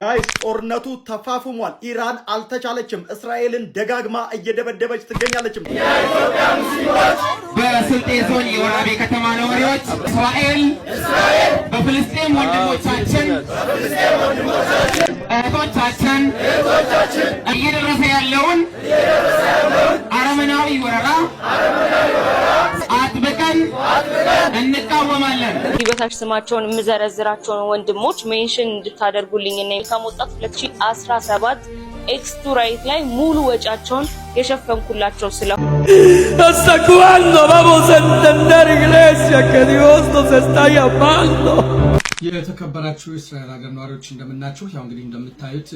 ጋይስ ጦርነቱ ተፋፍሟል። ኢራን አልተቻለችም። እስራኤልን ደጋግማ እየደበደበች ትገኛለችም። የኢትዮጵያ ሙስሊሞች በስልጤ ዞን የወራቤ ከተማ ነዋሪዎች እስራኤል በፍልስጤም ወንድሞቻችን እህቶቻችን እየደረሰ ያለውን አረመናዊ ወረራ አጥብቀን እንቃወማለን። በታች ስማቸውን የምዘረዝራቸውን ወንድሞች ሜንሽን እንድታደርጉልኝ እና የመልካም ወጣት 2017 ኤክስቱ ራይት ላይ ሙሉ ወጫቸውን የሸፈንኩላቸው ስለሆነ hasta vamos a entender iglesia que Dios nos está llamando የተከበራችሁ የእስራኤል ሀገር ነዋሪዎች እንደምናችሁ። ያው እንግዲህ እንደምታዩት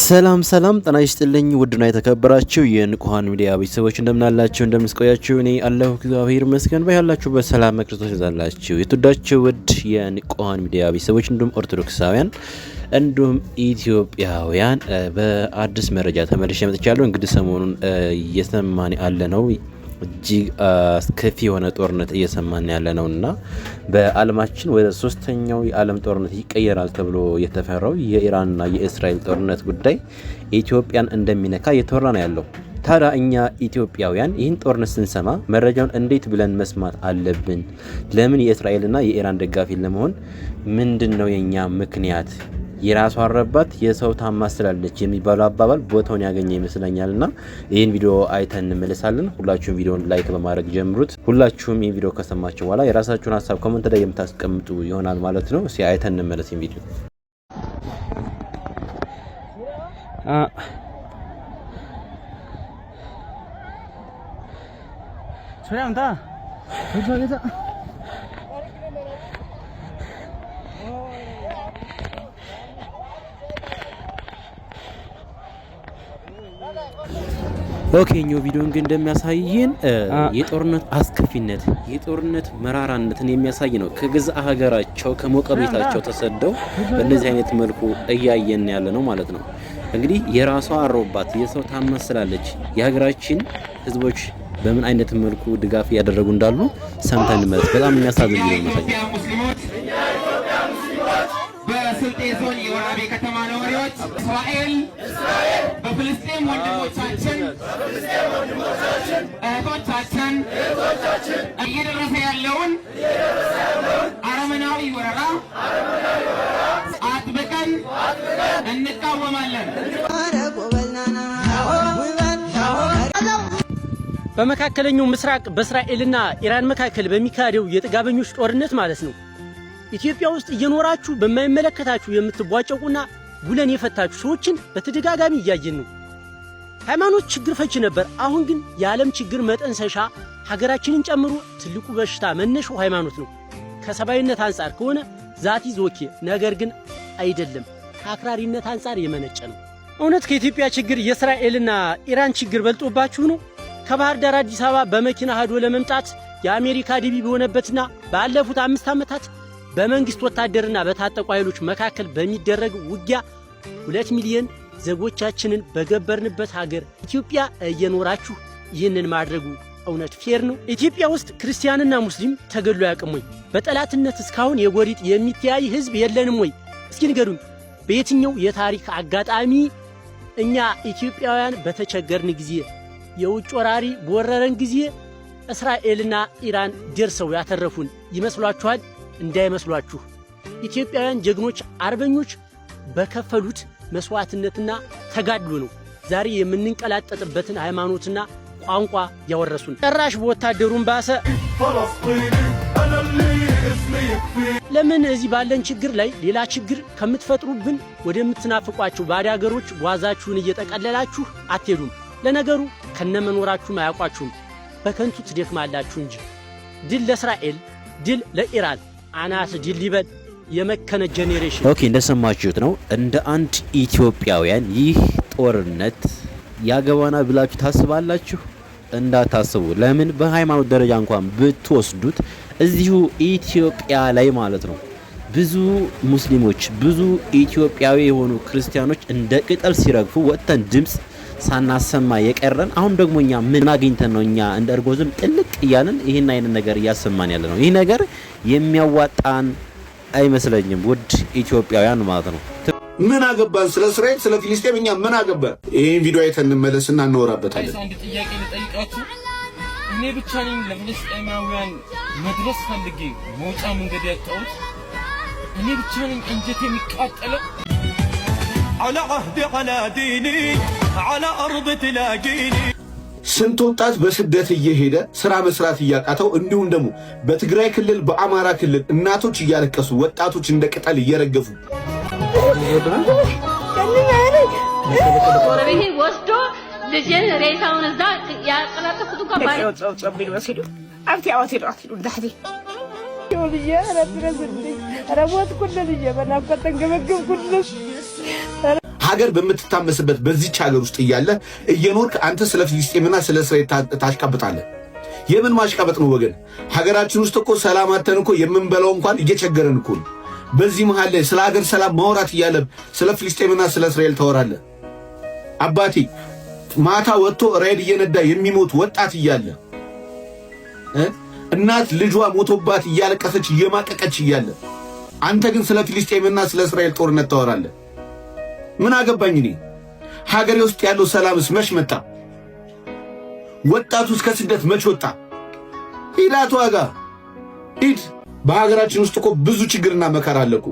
ሰላም ሰላም፣ ጤና ይስጥልኝ ውድና የተከበራችሁ የንቁሃን ሚዲያ ቤተሰቦች እንደምናላችሁ፣ እንደምስቆያችሁ፣ እኔ አለሁ እግዚአብሔር ይመስገን። ባያላችሁበት በሰላም መክርቶች ይዛላችሁ። የተወዳችሁ ውድ የንቁሃን ሚዲያ ቤተሰቦች እንዲሁም ኦርቶዶክሳውያን እንዲሁም ኢትዮጵያውያን በአዲስ መረጃ ተመልሼ መጥቻለሁ። እንግዲህ ሰሞኑን እየሰማን ያለ ነው እጅግ አስከፊ የሆነ ጦርነት እየሰማን ያለ ነው እና በዓለማችን ወደ ሶስተኛው የዓለም ጦርነት ይቀየራል ተብሎ የተፈራው የኢራንና የእስራኤል ጦርነት ጉዳይ ኢትዮጵያን እንደሚነካ እየተወራ ነው ያለው። ታዲያ እኛ ኢትዮጵያውያን ይህን ጦርነት ስንሰማ መረጃውን እንዴት ብለን መስማት አለብን? ለምን የእስራኤልና የኢራን ደጋፊ ለመሆን ምንድን ነው የእኛ ምክንያት? የራሷ አረባት የሰው ታማስላለች ስላለች የሚባለው አባባል ቦታውን ያገኘ ይመስለኛል። ና ይህን ቪዲዮ አይተን እንመልሳለን። ሁላችሁም ቪዲዮን ላይክ በማድረግ ጀምሩት። ሁላችሁም ይህን ቪዲዮ ከሰማችሁ በኋላ የራሳችሁን ሀሳብ ኮመንት ላይ የምታስቀምጡ ይሆናል ማለት ነው። እስኪ አይተን እንመለስ ቪዲዮ ሶሪያ ኦኬ ኛው ቪዲዮ እንግዲህ እንደሚያሳየን የጦርነት አስከፊነት የጦርነት መራራነትን የሚያሳይ ነው። ከገዛ ሀገራቸው ከሞቀ ቤታቸው ተሰደው በእንደዚህ አይነት መልኩ እያየን ያለ ነው ማለት ነው። እንግዲህ የራሷ አሮባት የሰው ታመስላለች። የሀገራችን ህዝቦች በምን አይነት መልኩ ድጋፍ እያደረጉ እንዳሉ ሰምተን መለስ። በጣም የሚያሳዝን ነው። የስልጤ ዞን የወራቤ ከተማ ነዋሪዎች እስራኤል በፍልስጤም ወንድሞቻችን እህቶቻችን እየደረሰ ያለውን አረመናዊ ወረራ አጥብቀን እንቃወማለን። በመካከለኛው ምስራቅ በእስራኤልና ኢራን መካከል በሚካሄደው የጥጋበኞች ጦርነት ማለት ነው ኢትዮጵያ ውስጥ እየኖራችሁ በማይመለከታችሁ የምትቧጨቁና ጉለን የፈታችሁ ሰዎችን በተደጋጋሚ እያየን ነው። ሃይማኖት ችግር ፈች ነበር። አሁን ግን የዓለም ችግር መጠን ሰሻ ሀገራችንን ጨምሮ ትልቁ በሽታ መነሻው ሃይማኖት ነው። ከሰብአዊነት አንጻር ከሆነ ዛቲ ዞኬ ነገር ግን አይደለም። ከአክራሪነት አንጻር የመነጨ ነው። እውነት ከኢትዮጵያ ችግር የእስራኤልና ኢራን ችግር በልጦባችሁ ነው? ከባህር ዳር አዲስ አበባ በመኪና ሄዶ ለመምጣት የአሜሪካ ዲቢ በሆነበትና ባለፉት አምስት ዓመታት በመንግስት ወታደርና በታጠቁ ኃይሎች መካከል በሚደረግ ውጊያ ሁለት ሚሊዮን ዜጎቻችንን በገበርንበት ሀገር ኢትዮጵያ እየኖራችሁ ይህንን ማድረጉ እውነት ፌር ነው? ኢትዮጵያ ውስጥ ክርስቲያንና ሙስሊም ተገሎ ያቅም ወይ? በጠላትነት እስካሁን የጎሪጥ የሚተያይ ህዝብ የለንም ወይ? እስኪ ንገዱን። በየትኛው የታሪክ አጋጣሚ እኛ ኢትዮጵያውያን በተቸገርን ጊዜ፣ የውጭ ወራሪ በወረረን ጊዜ እስራኤልና ኢራን ደርሰው ያተረፉን ይመስሏችኋል? እንዳይመስሏችሁ። ኢትዮጵያውያን ጀግኖች አርበኞች በከፈሉት መስዋዕትነትና ተጋድሎ ነው ዛሬ የምንንቀላጠጥበትን ሃይማኖትና ቋንቋ ያወረሱን። ጠራሽ በወታደሩን ባሰ። ለምን እዚህ ባለን ችግር ላይ ሌላ ችግር ከምትፈጥሩብን ወደምትናፍቋቸው ባዕድ አገሮች ጓዛችሁን እየጠቀለላችሁ አትሄዱም? ለነገሩ ከነመኖራችሁም አያውቋችሁም፣ በከንቱ ትደክማላችሁ እንጂ። ድል ለእስራኤል፣ ድል ለኢራን። አናት ድል የመከነ ጄኔሬሽን። ኦኬ እንደሰማችሁት ነው። እንደ አንድ ኢትዮጵያውያን ይህ ጦርነት ያገባና ብላችሁ ታስባላችሁ? እንዳታስቡ። ለምን በሃይማኖት ደረጃ እንኳን ብትወስዱት እዚሁ ኢትዮጵያ ላይ ማለት ነው ብዙ ሙስሊሞች፣ ብዙ ኢትዮጵያዊ የሆኑ ክርስቲያኖች እንደ ቅጠል ሲረግፉ ወጥተን ድምፅ ሳናሰማ የቀረን አሁን ደግሞ እኛ ምን አግኝተን ነው እኛ እንደ እርጎ ዝም ጥልቅ እያልን ይህን አይነት ነገር እያሰማን ያለ ነው። ይህ ነገር የሚያዋጣን አይመስለኝም፣ ውድ ኢትዮጵያውያን ማለት ነው። ምን አገባን? ስለ እስራኤል ስለ ፊሊስጤም እኛ ምን አገባን? ይህን ቪዲዮ አይተን እንመለስና እናወራበታለን። እኔ ብቻ ነኝ ለፍልስጤማውያን መድረስ ፈልጌ መውጫ መንገድ ያጣሁት እኔ ብቻ ነኝ፣ አንጀት የሚቃጠለው على عهد على ديني على أرض تلاقيني ስንት ወጣት በስደት እየሄደ ስራ መስራት እያቃተው፣ እንዲሁም ደግሞ በትግራይ ክልል በአማራ ክልል እናቶች እያለቀሱ ወጣቶች እንደ ቅጠል እየረገፉ ወስዶ ልጅን ሬሳውን እዛ ያቀላጠፉት እኮ ባለ ሀገር በምትታመስበት በዚች ሀገር ውስጥ እያለ እየኖርክ አንተ ስለ ፍልስጤምና ስለ እስራኤል ታሽቃብጣለህ። የምን ማሽቃበጥ ነው ወገን? ሀገራችን ውስጥ እኮ ሰላም አተን እኮ የምንበላው እንኳን እየቸገረን እኮ ነው። በዚህ መሃል ላይ ስለ ሀገር ሰላም ማውራት እያለ ስለ ፍልስጤምና ስለ እስራኤል ታወራለህ። አባቴ ማታ ወጥቶ ራይድ እየነዳ የሚሞት ወጣት እያለ እናት ልጇ ሞቶባት እያለቀሰች እየማቀቀች እያለ አንተ ግን ስለ ፊልስጤምና ስለ እስራኤል ጦርነት ታወራለህ። ምን አገባኝ እኔ። ሀገሬ ውስጥ ያለው ሰላምስ መች መጣ? ወጣቱስ ከስደት መች ወጣ? ሂድ አትዋጋ፣ ሂድ። በሀገራችን ውስጥ እኮ ብዙ ችግርና መከራ አለኩ።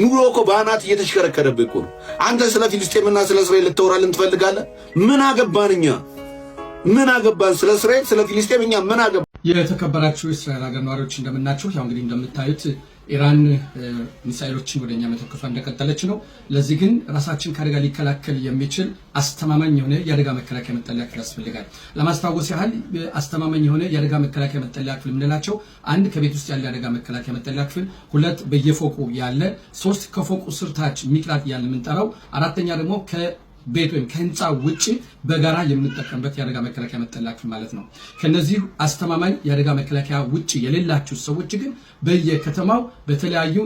ኑሮ እኮ በአናት እየተሽከረከረብህ እኮ ነው። አንተ ስለ ፊልስጤምና ስለ እስራኤል ልታወራልን ትፈልጋለህ? ምን አገባን እኛ ምን አገባን? ስለ እስራኤል ስለ ፊልስጤም እኛ ምን አገባ? የተከበራችሁ እስራኤል ሀገር ነዋሪዎች እንደምናችሁ። ያው እንግዲህ እንደምታዩት ኢራን ሚሳይሎችን ወደ እኛ መተኮሷ እንደቀጠለች ነው። ለዚህ ግን ራሳችን ከአደጋ ሊከላከል የሚችል አስተማማኝ የሆነ የአደጋ መከላከያ መጠለያ ክፍል ያስፈልጋል። ለማስታወስ ያህል አስተማማኝ የሆነ የአደጋ መከላከያ መጠለያ ክፍል የምንላቸው አንድ ከቤት ውስጥ ያለ አደጋ መከላከያ መጠለያ ክፍል፣ ሁለት በየፎቁ ያለ፣ ሶስት ከፎቁ ስር ታች ሚቅላት ያለ የምንጠራው፣ አራተኛ ደግሞ ቤት ወይም ከህንፃ ውጭ በጋራ የምንጠቀምበት የአደጋ መከላከያ መጠለያ ክፍል ማለት ነው። ከነዚህ አስተማማኝ የአደጋ መከላከያ ውጭ የሌላችሁ ሰዎች ግን በየከተማው በተለያዩ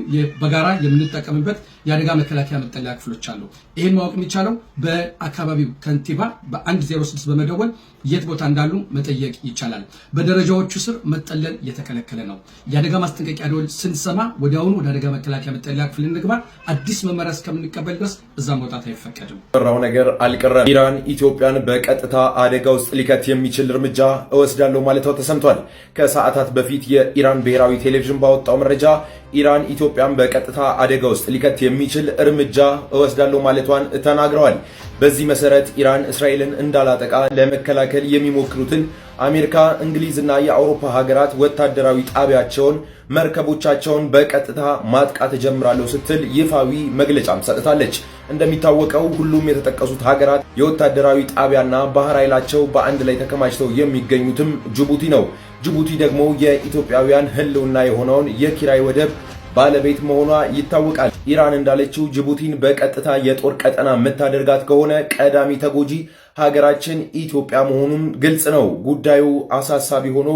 በጋራ የምንጠቀምበት የአደጋ መከላከያ መጠለያ ክፍሎች አሉ። ይህን ማወቅ የሚቻለው በአካባቢው ከንቲባ በአንድ ዜሮ በመደወል የት ቦታ እንዳሉ መጠየቅ ይቻላል። በደረጃዎቹ ስር መጠለል የተከለከለ ነው። የአደጋ ማስጠንቀቂያ ደወል ስንሰማ ወዲያውኑ ወደ አደጋ መከላከያ መጠለያ ክፍል እንግባ። አዲስ መመሪያ እስከምንቀበል ድረስ እዛ መውጣት አይፈቀድም። ራው ነገር አልቀረም። ኢራን ኢትዮጵያን በቀጥታ አደጋ ውስጥ ሊከት የሚችል እርምጃ እወስዳለሁ ማለቷ ተሰምቷል። ከሰዓታት በፊት የኢራን ብሔራዊ ቴሌቪዥን ባወጣው መረጃ ኢራን ኢትዮጵያን በቀጥታ አደጋ ውስጥ ሊከት የሚችል እርምጃ እወስዳለሁ ማለቷን ተናግረዋል። በዚህ መሰረት ኢራን እስራኤልን እንዳላጠቃ ለመከላከል የሚሞክሩትን አሜሪካ፣ እንግሊዝና የአውሮፓ ሀገራት ወታደራዊ ጣቢያቸውን፣ መርከቦቻቸውን በቀጥታ ማጥቃት እጀምራለሁ ስትል ይፋዊ መግለጫም ሰጥታለች። እንደሚታወቀው ሁሉም የተጠቀሱት ሀገራት የወታደራዊ ጣቢያና ባህር ኃይላቸው በአንድ ላይ ተከማችተው የሚገኙትም ጅቡቲ ነው። ጅቡቲ ደግሞ የኢትዮጵያውያን ሕልውና የሆነውን የኪራይ ወደብ ባለቤት መሆኗ ይታወቃል። ኢራን እንዳለችው ጅቡቲን በቀጥታ የጦር ቀጠና የምታደርጋት ከሆነ ቀዳሚ ተጎጂ ሀገራችን ኢትዮጵያ መሆኑን ግልጽ ነው። ጉዳዩ አሳሳቢ ሆኖ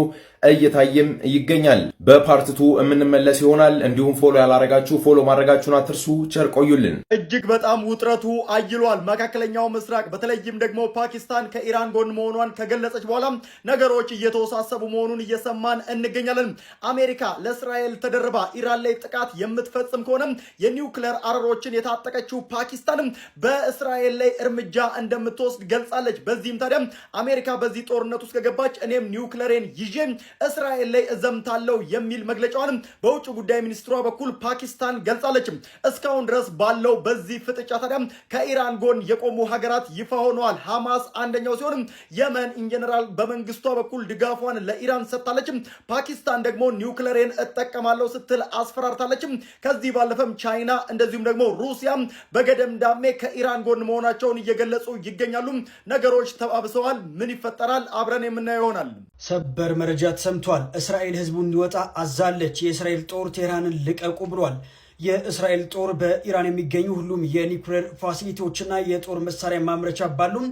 እየታየም ይገኛል። በፓርትቱ የምንመለስ ይሆናል። እንዲሁም ፎሎ ያላረጋችሁ ፎሎ ማድረጋችሁን አትርሱ። ቸር ቆዩልን። እጅግ በጣም ውጥረቱ አይሏል። መካከለኛው ምስራቅ በተለይም ደግሞ ፓኪስታን ከኢራን ጎን መሆኗን ከገለጸች በኋላ ነገሮች እየተወሳሰቡ መሆኑን እየሰማን እንገኛለን። አሜሪካ ለእስራኤል ተደርባ ኢራን ላይ ጥቃት የምትፈጽም ከሆነ የኒውክሌር አረሮችን የታጠቀችው ፓኪስታንም በእስራኤል ላይ እርምጃ እንደምትወስድ ገልጻለች። በዚህም ታዲያ አሜሪካ በዚህ ጦርነት ውስጥ ከገባች እኔም ኒውክሌሬን ይዤ እስራኤል ላይ እዘምታለሁ የሚል መግለጫዋንም በውጭ ጉዳይ ሚኒስትሯ በኩል ፓኪስታን ገልጻለች እስካሁን ድረስ ባለው በዚህ ፍጥጫ ታዲያም ከኢራን ጎን የቆሙ ሀገራት ይፋ ሆነዋል። ሐማስ አንደኛው ሲሆንም የመን ኢንጀነራል በመንግስቷ በኩል ድጋፏን ለኢራን ሰጥታለችም። ፓኪስታን ደግሞ ኒውክለሬን እጠቀማለሁ ስትል አስፈራርታለችም። ከዚህ ባለፈም ቻይና እንደዚሁም ደግሞ ሩሲያ በገደም ዳሜ ከኢራን ጎን መሆናቸውን እየገለጹ ይገኛሉ። ነገሮች ተባብሰዋል። ምን ይፈጠራል? አብረን የምናየው ይሆናል። ሰበር መረጃ ሰምቷል። እስራኤል ህዝቡ እንዲወጣ አዛለች። የእስራኤል ጦር ቴህራንን ልቀቁ ብሏል። የእስራኤል ጦር በኢራን የሚገኙ ሁሉም የኒኩሌር ፋሲሊቲዎችና የጦር መሳሪያ ማምረቻ ባሉም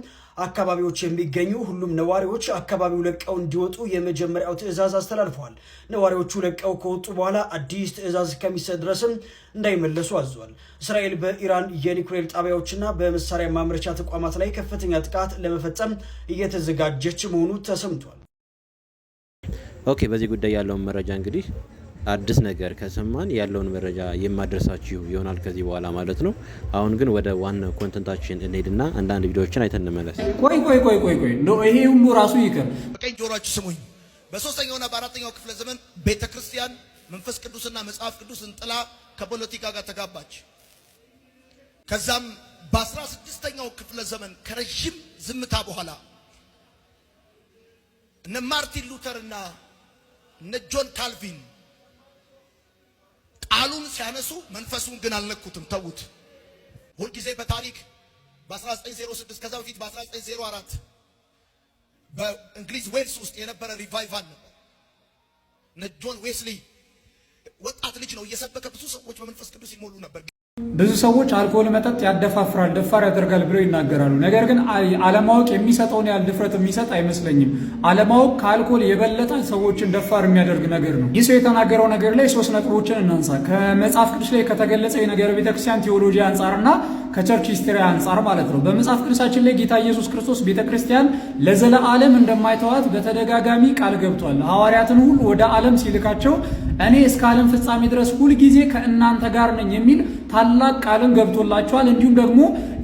አካባቢዎች የሚገኙ ሁሉም ነዋሪዎች አካባቢው ለቀው እንዲወጡ የመጀመሪያው ትዕዛዝ አስተላልፈዋል። ነዋሪዎቹ ለቀው ከወጡ በኋላ አዲስ ትዕዛዝ እስከሚሰጥ ድረስም እንዳይመለሱ አዟል። እስራኤል በኢራን የኒኩሌር ጣቢያዎችና በመሳሪያ ማምረቻ ተቋማት ላይ ከፍተኛ ጥቃት ለመፈጸም እየተዘጋጀች መሆኑ ተሰምቷል። ኦኬ በዚህ ጉዳይ ያለውን መረጃ እንግዲህ አዲስ ነገር ከሰማን ያለውን መረጃ የማደርሳችሁ ይሆናል ከዚህ በኋላ ማለት ነው። አሁን ግን ወደ ዋናው ኮንተንታችን እንሄድና አንዳንድ ቪዲዮዎችን አይተን እንመለስ። ቆይ ቆይ ቆይ ቆይ ቆይ ይሄ ሁሉ ራሱ ይቅር። በቀኝ ጆሮአችሁ ስሙኝ። በሶስተኛውና በአራተኛው ክፍለ ዘመን ቤተ ክርስቲያን መንፈስ ቅዱስና መጽሐፍ ቅዱስን ጥላ ከፖለቲካ ጋር ተጋባች። ከዛም በአስራ ስድስተኛው ክፍለ ዘመን ከረዥም ዝምታ በኋላ እነ ማርቲን ሉተርና እነ ጆን ካልቪን ቃሉን ሲያነሱ መንፈሱን ግን አልነኩትም፣ ተዉት። ሁልጊዜ በታሪክ በ1906 ከዛ በፊት በ1904 በእንግሊዝ ዌልስ ውስጥ የነበረ ሪቫይቫል ነበር። እነ ጆን ዌስሊ ወጣት ልጅ ነው እየሰበከ ብዙ ሰዎች በመንፈስ ቅዱስ ይሞሉ ነበር። ብዙ ሰዎች አልኮል መጠጥ ያደፋፍራል፣ ደፋር ያደርጋል ብለው ይናገራሉ። ነገር ግን አለማወቅ የሚሰጠውን ያህል ድፍረት የሚሰጥ አይመስለኝም። አለማወቅ ከአልኮል የበለጠ ሰዎችን ደፋር የሚያደርግ ነገር ነው። ይህ ሰው የተናገረው ነገር ላይ ሶስት ነጥቦችን እናንሳ። ከመጽሐፍ ቅዱስ ላይ ከተገለጸ የነገረ ቤተክርስቲያን ቴዎሎጂ አንጻርና ከቸርች ሂስትሪ አንጻር ማለት ነው። በመጽሐፍ ቅዱሳችን ላይ ጌታ ኢየሱስ ክርስቶስ ቤተ ክርስቲያን ለዘለ እንደማይተዋት በተደጋጋሚ ቃል ገብቷል። ሐዋርያትን ሁሉ ወደ ዓለም ሲልካቸው እኔ እስከ ዓለም ፍጻሜ ድረስ ሁልጊዜ ከእናንተ ጋር ነኝ የሚል ታላቅ ቃልን ገብቶላቸዋል። እንዲሁም ደግሞ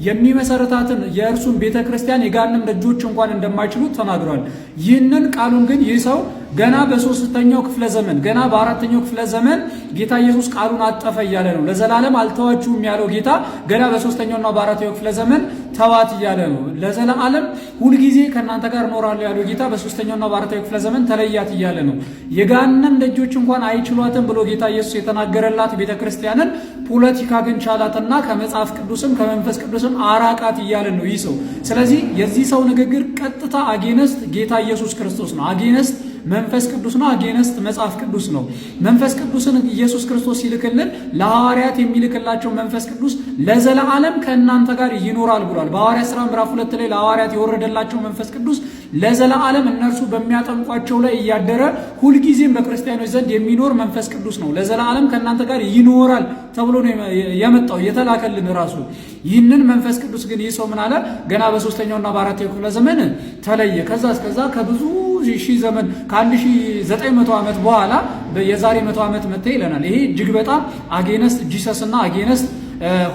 የሚመሰረታትን የእርሱን ቤተ ክርስቲያን የጋንም ደጆች እንኳን እንደማይችሉት ተናግሯል። ይህንን ቃሉን ግን ይህ ሰው ገና በሶስተኛው ክፍለ ዘመን ገና በአራተኛው ክፍለ ዘመን ጌታ ኢየሱስ ቃሉን አጠፈ እያለ ነው። ለዘላለም አልተዋችሁም ያለው ጌታ ገና በሶስተኛውና በአራተኛው ክፍለ ዘመን ተዋት እያለ ነው። ለዘላለም ሁልጊዜ ከእናንተ ጋር እኖራለሁ ያለው ጌታ በሶስተኛውና በአራተኛው ክፍለ ዘመን ተለያት እያለ ነው። የገሃነም ደጆች እንኳን አይችሏትም ብሎ ጌታ ኢየሱስ የተናገረላት ቤተ ክርስቲያንን ፖለቲካ ግን ቻላትና ከመጽሐፍ ቅዱስም ከመንፈስ ቅዱስም አራቃት እያለን ነው ይህ ሰው። ስለዚህ የዚህ ሰው ንግግር ቀጥታ አጌነስት ጌታ ኢየሱስ ክርስቶስ ነው አጌነስት መንፈስ ቅዱስ ነው፣ አጌነስት መጽሐፍ ቅዱስ ነው። መንፈስ ቅዱስን ኢየሱስ ክርስቶስ ይልክልን ለሐዋርያት የሚልክላቸው መንፈስ ቅዱስ ለዘለዓለም ከእናንተ ጋር ይኖራል ብሏል። በሐዋርያት ሥራ ምዕራፍ ሁለት ላይ ለሐዋርያት የወረደላቸው መንፈስ ቅዱስ ለዘለዓለም እነርሱ በሚያጠምቋቸው ላይ እያደረ ሁልጊዜም በክርስቲያኖች ዘንድ የሚኖር መንፈስ ቅዱስ ነው። ለዘለዓለም ከእናንተ ጋር ይኖራል ተብሎ ነው የመጣው የተላከልን ራሱ። ይህንን መንፈስ ቅዱስ ግን ይህ ሰው ምን አለ? ገና በሶስተኛውና በአራተኛው ክፍለ ዘመን ተለየ። ከዛ እስከዛ ከብዙ ሺህ ዘመን ከአንድ ሺህ ዘጠኝ መቶ ዓመት በኋላ የዛሬ መቶ ዓመት መተ ይለናል። ይሄ እጅግ በጣም አጌነስት ጂሰስ እና አጌነስት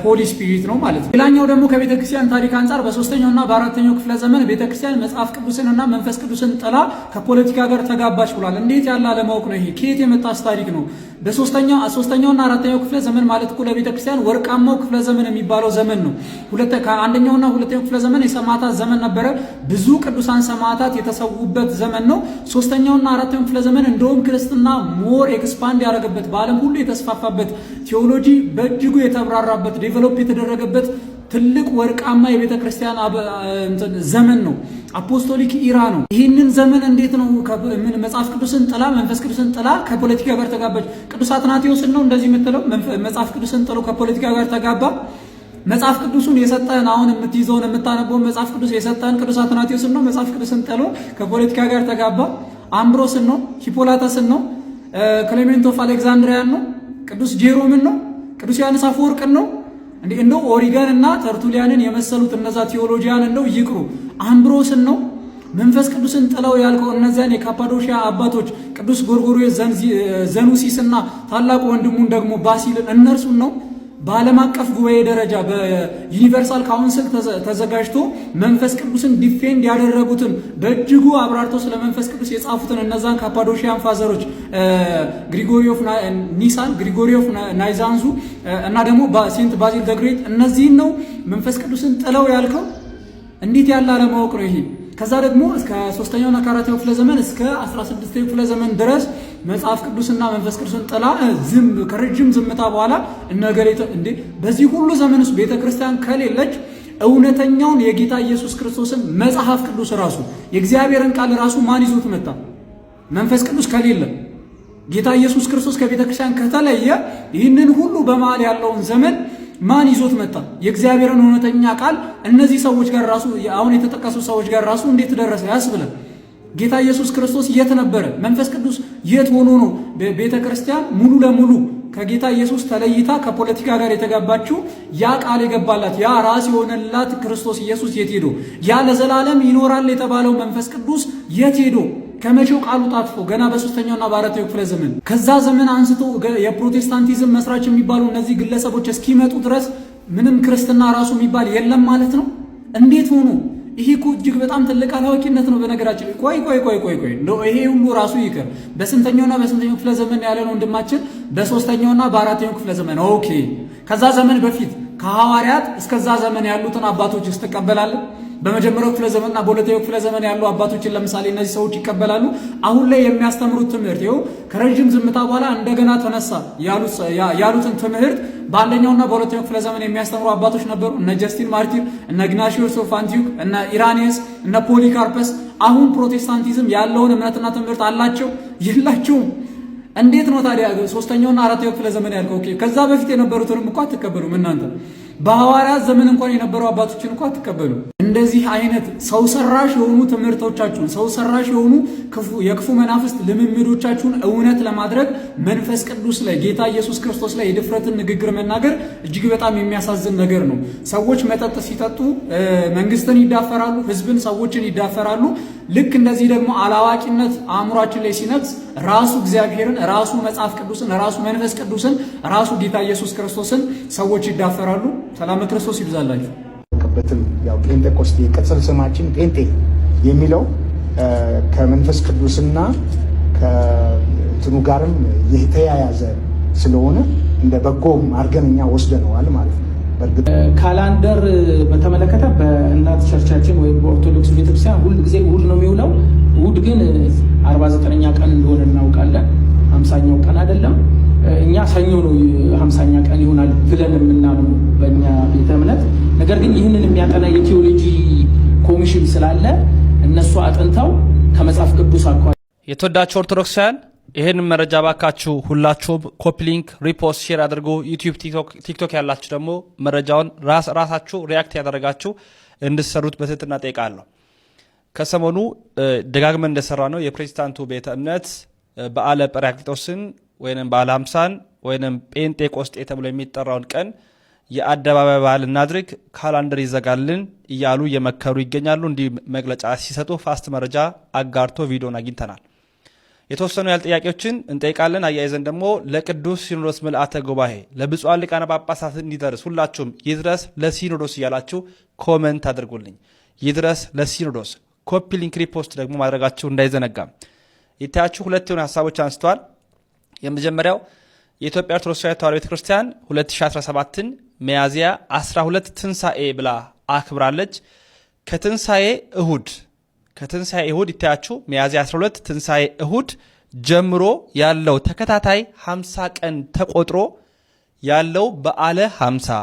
ሆሊ ስፒሪት ነው ማለት ነው። ሌላኛው ደግሞ ከቤተ ክርስቲያን ታሪክ አንጻር በሶስተኛው እና በአራተኛው ክፍለ ዘመን ቤተ ክርስቲያን መጽሐፍ ቅዱስን እና መንፈስ ቅዱስን ጥላ ከፖለቲካ ጋር ተጋባች ብሏል። እንዴት ያለ አለማወቅ ነው! ይሄ ከየት የመጣስ ታሪክ ነው? በሶስተኛው ሶስተኛውና አራተኛው ክፍለ ዘመን ማለት እኮ ለቤተ ክርስቲያን ወርቃማው ክፍለ ዘመን የሚባለው ዘመን ነው። ሁለተ ከአንደኛውና ሁለተኛው ክፍለ ዘመን የሰማዕታት ዘመን ነበረ። ብዙ ቅዱሳን ሰማዕታት የተሰዉበት ዘመን ነው። ሶስተኛውና አራተኛው ክፍለ ዘመን እንደውም ክርስትና ሞር ኤክስፓንድ ያደረገበት በዓለም ሁሉ የተስፋፋበት ቴዎሎጂ በእጅጉ የተብራራበት ዴቨሎፕ የተደረገበት ትልቅ ወርቃማ የቤተ ክርስቲያን ዘመን ነው። አፖስቶሊክ ኢራ ነው። ይህንን ዘመን እንዴት ነው ምን መጽሐፍ ቅዱስን ጥላ መንፈስ ቅዱስን ጥላ ከፖለቲካ ጋር ተጋባች? ቅዱስ አትናቴዎስን ነው እንደዚህ የምትለው መጽሐፍ ቅዱስን ጥሎ ከፖለቲካ ጋር ተጋባ። መጽሐፍ ቅዱሱን የሰጠን አሁን የምትይዘውን የምታነበውን መጽሐፍ ቅዱስ የሰጠን ቅዱስ አትናቴዎስን ነው። መጽሐፍ ቅዱስን ጥሎ ከፖለቲካ ጋር ተጋባ። አምብሮስን ነው፣ ሂፖላተስን ነው፣ ክሌሜንት ኦፍ አሌክዛንድሪያን ነው፣ ቅዱስ ጄሮምን ነው፣ ቅዱስ ዮሐንስ አፈወርቅን ነው እንዴ እንደው ኦሪገን እና ተርቱሊያንን የመሰሉት እነዛ ቴዎሎጂያን እንደው ይቅሩ። አምብሮስን ነው መንፈስ ቅዱስን ጥለው ያልከው እነዚያን የካፓዶሺያ አባቶች ቅዱስ ጎርጎርዮስ ዘኑሲስና ታላቁ ወንድሙን ደግሞ ባሲልን እነርሱን ነው በዓለም አቀፍ ጉባኤ ደረጃ በዩኒቨርሳል ካውንስል ተዘጋጅቶ መንፈስ ቅዱስን ዲፌንድ ያደረጉትን በእጅጉ አብራርቶ ስለ መንፈስ ቅዱስ የጻፉትን እነዛን ካፓዶሺያን ፋዘሮች ግሪጎሪ ኦፍ ኒሳን፣ ግሪጎሪ ኦፍ እና ደግሞ ሴንት ባዚል ደግሬት እነዚህን ነው መንፈስ ቅዱስን ጥለው ያልከው። እንዴት ያለ አለማወቅ ነው ይሄ። ከዛ ደግሞ እስከ ሶስተኛውና ከአራተኛው ክፍለ ዘመን እስከ 16ኛው ክፍለ ዘመን ድረስ መጽሐፍ ቅዱስና መንፈስ ቅዱስን ጥላ ዝም ከረጅም ዝምታ በኋላ እነገር እንዴ በዚህ ሁሉ ዘመን ውስጥ ቤተ ክርስቲያን ከሌለች እውነተኛውን የጌታ ኢየሱስ ክርስቶስን መጽሐፍ ቅዱስ ራሱ የእግዚአብሔርን ቃል ራሱ ማን ይዞት መጣ? መንፈስ ቅዱስ ከሌለ ጌታ ኢየሱስ ክርስቶስ ከቤተ ክርስቲያን ከተለየ ይህንን ሁሉ በመሃል ያለውን ዘመን ማን ይዞት መጣ? የእግዚአብሔርን እውነተኛ ቃል እነዚህ ሰዎች ጋር ራሱ አሁን የተጠቀሱ ሰዎች ጋር ራሱ እንዴት ደረሰ ያስብለን። ጌታ ኢየሱስ ክርስቶስ የት ነበረ? መንፈስ ቅዱስ የት ሆኖ ነው ቤተ ክርስቲያን ሙሉ ለሙሉ ከጌታ ኢየሱስ ተለይታ ከፖለቲካ ጋር የተጋባችው? ያ ቃል የገባላት ያ ራስ የሆነላት ክርስቶስ ኢየሱስ የት ሄዶ? ያ ለዘላለም ይኖራል የተባለው መንፈስ ቅዱስ የት ሄዶ? ከመቼው ቃሉ ጣጥፎ ገና በሶስተኛውና በአራተኛው ክፍለ ዘመን ከዛ ዘመን አንስቶ የፕሮቴስታንቲዝም መስራች የሚባሉ እነዚህ ግለሰቦች እስኪመጡ ድረስ ምንም ክርስትና ራሱ የሚባል የለም ማለት ነው። እንዴት ሆኖ ይሄ እኮ እጅግ በጣም ትልቅ አላዋቂነት ነው። በነገራችን ቆይ ቆይ ቆይ ቆይ ቆይ ነው ይሄ ሁሉ ራሱ ይቅር። በስንተኛውና በስንተኛው ክፍለ ዘመን ያለ ነው ወንድማችን? በሶስተኛውና በአራተኛው ክፍለ ዘመን። ኦኬ ከዛ ዘመን በፊት ከሐዋርያት እስከዛ ዘመን ያሉትን አባቶች ስትቀበላለን በመጀመሪያው ክፍለ ዘመንና በሁለተኛው ክፍለ ዘመን ያሉ አባቶችን ለምሳሌ እነዚህ ሰዎች ይቀበላሉ። አሁን ላይ የሚያስተምሩት ትምህርት ይኸው ከረዥም ዝምታ በኋላ እንደገና ተነሳ ያሉትን ትምህርት በአንደኛውና በሁለተኛው ክፍለ ዘመን የሚያስተምሩ አባቶች ነበሩ። እነ ጀስቲን ማርቲር፣ እነ ግናሽዮስ ኦፍ አንቲዮክ፣ እነ ኢራኒየስ፣ እነ ፖሊካርፐስ። አሁን ፕሮቴስታንቲዝም ያለውን እምነትና ትምህርት አላቸው የላቸውም? እንዴት ነው ታዲያ ሶስተኛውና አራተኛው ክፍለ ዘመን ያልከው? ከዛ በፊት የነበሩትንም እኮ አትቀበሉም እናንተ በሐዋርያት ዘመን እንኳን የነበሩ አባቶችን እንኳ አትቀበሉ። እንደዚህ አይነት ሰው ሰራሽ የሆኑ ትምህርቶቻችሁን፣ ሰው ሰራሽ የሆኑ የክፉ መናፍስት ልምምዶቻችሁን እውነት ለማድረግ መንፈስ ቅዱስ ላይ ጌታ ኢየሱስ ክርስቶስ ላይ የድፍረትን ንግግር መናገር እጅግ በጣም የሚያሳዝን ነገር ነው። ሰዎች መጠጥ ሲጠጡ መንግስትን ይዳፈራሉ፣ ህዝብን፣ ሰዎችን ይዳፈራሉ። ልክ እንደዚህ ደግሞ አላዋቂነት አእምሯችን ላይ ሲነግስ ራሱ እግዚአብሔርን ራሱ መጽሐፍ ቅዱስን ራሱ መንፈስ ቅዱስን ራሱ ጌታ ኢየሱስ ክርስቶስን ሰዎች ይዳፈራሉ። ሰላም ክርስቶስ ይብዛላችሁ። በትም ያው ጴንጤኮስቴ ቅጽል ስማችን ጴንጤ የሚለው ከመንፈስ ቅዱስና ከእንትኑ ጋርም የተያያዘ ስለሆነ እንደ በጎም አድርገን እኛ ወስደነዋል ማለት ነው። ካላንደር በተመለከተ በእናት ቸርቻችን ወይም በኦርቶዶክስ ቤተክርስቲያን ሁል ጊዜ እሁድ ነው የሚውለው። እሁድ ግን አርባ ዘጠነኛ ቀን እንደሆነ እናውቃለን። ሀምሳኛው ቀን አይደለም እኛ ሰኞ ነው ሀምሳኛ ቀን ይሆናል ብለን የምናምኑ በእኛ ቤተ እምነት። ነገር ግን ይህንን የሚያጠና የቴዎሎጂ ኮሚሽን ስላለ እነሱ አጥንተው ከመጽሐፍ ቅዱስ አኳ የተወዳቸው ኦርቶዶክሳውያን ይህንን መረጃ ባካችሁ ሁላችሁም ሊንክ ሪፖርት ሼር አድርጎ ዩቲዩብ ቲክቶክ ያላችሁ ደግሞ መረጃውን ራሳችሁ ሪያክት ያደረጋችሁ እንድትሰሩት በትህትና ጠይቃለሁ። ከሰሞኑ ደጋግመን እንደሰራ ነው የፕሬዚዳንቱ ቤተ እምነት በዓለ ጰራቅሊጦስን ወይም በዓለ ሃምሳን ወይም ጴንጤቆስጤ ተብሎ የሚጠራውን ቀን የአደባባይ በዓል እናድርግ፣ ካላንደር ይዘጋልን እያሉ እየመከሩ ይገኛሉ። እንዲህ መግለጫ ሲሰጡ ፋስት መረጃ አጋርቶ ቪዲዮን አግኝተናል። የተወሰኑ ያህል ጥያቄዎችን እንጠይቃለን። አያይዘን ደግሞ ለቅዱስ ሲኖዶስ ምልአተ ጉባኤ ለብፁዓን ሊቃነ ጳጳሳት እንዲደርስ ሁላችሁም ይድረስ ለሲኖዶስ እያላችሁ ኮመንት አድርጉልኝ። ይድረስ ለሲኖዶስ ኮፒ ሊንክ ሪፖስት ደግሞ ማድረጋችሁ እንዳይዘነጋም። የታያችሁ ሁለት የሆኑ ሀሳቦች አንስተዋል። የመጀመሪያው የኢትዮጵያ ኦርቶዶክስ ተዋህዶ ቤተ ክርስቲያን 2017ን መያዝያ 12 ትንሣኤ ብላ አክብራለች። ከትንሣኤ እሁድ ከትንሣኤ እሁድ ይታያችሁ ሚያዝያ 12 ትንሣኤ እሁድ ጀምሮ ያለው ተከታታይ 50 ቀን ተቆጥሮ ያለው በዓለ 50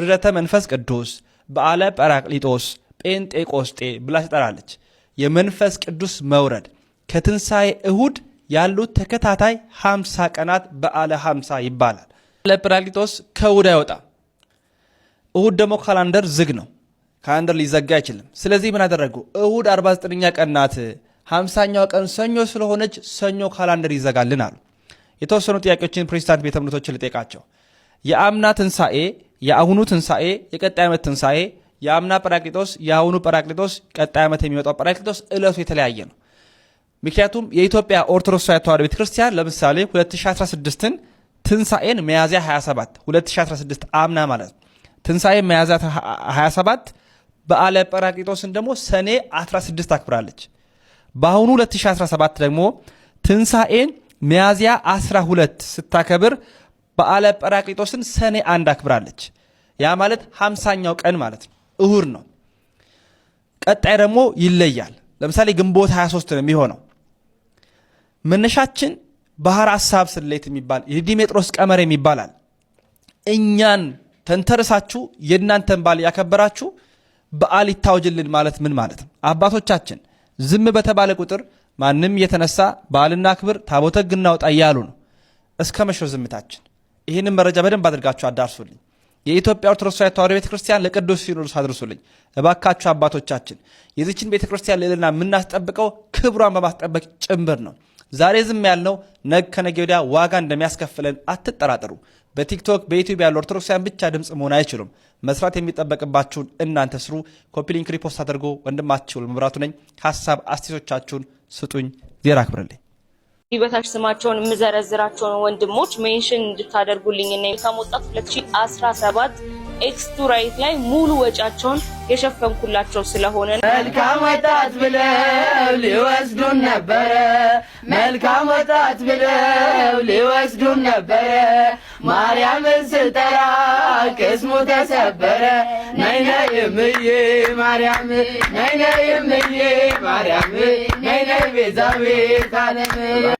ርደተ መንፈስ ቅዱስ፣ በዓለ ጰራቅሊጦስ ጴንጤቆስጤ ብላ ትጠራለች። የመንፈስ ቅዱስ መውረድ ከትንሣኤ እሁድ ያሉት ተከታታይ 50 ቀናት በዓለ 50 ይባላል። ለጰራቅሊጦስ ከእሁድ አይወጣም። እሁድ ደግሞ ካላንደር ዝግ ነው። ካላንደር ሊዘጋ አይችልም። ስለዚህ ምን አደረጉ? እሁድ 49ኛ ቀን ናት፣ ቀን ሰኞ ስለሆነች ሰኞ ካላንደር ይዘጋልን አሉ። የተወሰኑ ጥያቄዎችን ፕሬዚዳንት ቤተ እምነቶችን ልጠይቃቸው። የአምና ትንሣኤ፣ የአሁኑ ትንሣኤ፣ የቀጣይ ዓመት ትንሣኤ የአምና ጰራቅሊጦስ የአሁኑ ጰራቅሊጦስ ቀጣይ ዓመት የሚመጣው ጰራቅሊጦስ እለቱ የተለያየ ነው። ምክንያቱም የኢትዮጵያ ኦርቶዶክስ ተዋሕዶ ቤተክርስቲያን ለምሳሌ 2016ን ትንሣኤን መያዝያ 27 2016 አምና ማለት ነው ትንሣኤ ሚያዝያ 27 በዓለ ጰራቅሊጦስን ደግሞ ሰኔ 16 አክብራለች። በአሁኑ 2017 ደግሞ ትንሣኤን መያዝያ 12 ስታከብር በዓለ ጰራቅሊጦስን ሰኔ አንድ አክብራለች። ያ ማለት ሃምሳኛው ቀን ማለት ነው። እሁድ ነው። ቀጣይ ደግሞ ይለያል። ለምሳሌ ግንቦት 23 ነው የሚሆነው። መነሻችን ባህር ሀሳብ ስሌት የሚባል የዲሜጥሮስ ቀመር የሚባላል። እኛን ተንተርሳችሁ የእናንተን በዓል ያከበራችሁ በዓል ይታወጅልን ማለት ምን ማለት ነው? አባቶቻችን ዝም በተባለ ቁጥር ማንም የተነሳ በዓልና አክብር ታቦተ ሕግ እናውጣ እያሉ ነው። እስከ መሾ ዝምታችን። ይህንን መረጃ በደንብ አድርጋችሁ አዳርሱልኝ። የኢትዮጵያ ኦርቶዶክስ ተዋሕዶ ቤተ ክርስቲያን ለቅዱስ ሲኖዶስ አድርሱልኝ እባካችሁ አባቶቻችን። የዚችን ቤተ ክርስቲያን ልዕልና የምናስጠብቀው ክብሯን በማስጠበቅ ጭምር ነው። ዛሬ ዝም ያልነው ነግ ከነገ ወዲያ ዋጋ እንደሚያስከፍለን አትጠራጠሩ። በቲክቶክ በዩቲዩብ ያሉ ኦርቶዶክሳውያን ብቻ ድምፅ መሆን አይችሉም። መስራት የሚጠበቅባችሁን እናንተ ስሩ። ኮፒሊንክ ሪፖስት አድርጎ ወንድማችሁ መብራቱ ነኝ። ሀሳብ አስቴቶቻችሁን ስጡኝ። ዜራ አክብርልኝ በታች ስማቸውን የምዘረዝራቸውን ወንድሞች ሜንሽን እንድታደርጉልኝ እና የመልካም ወጣት 2017 ኤክስቱ ራይት ላይ ሙሉ ወጫቸውን የሸፈንኩላቸው ስለሆነ መልካም ወጣት ብለው ሊወስዱን ነበረ፣ መልካም ወጣት ብለው ሊወስዱን ነበረ። ማርያምን ስጠራ ቅስሙ ተሰበረ። ነይነ የምዬ ማርያም ነይነ የምዬ ማርያም ነይነ ቤዛቤት አለም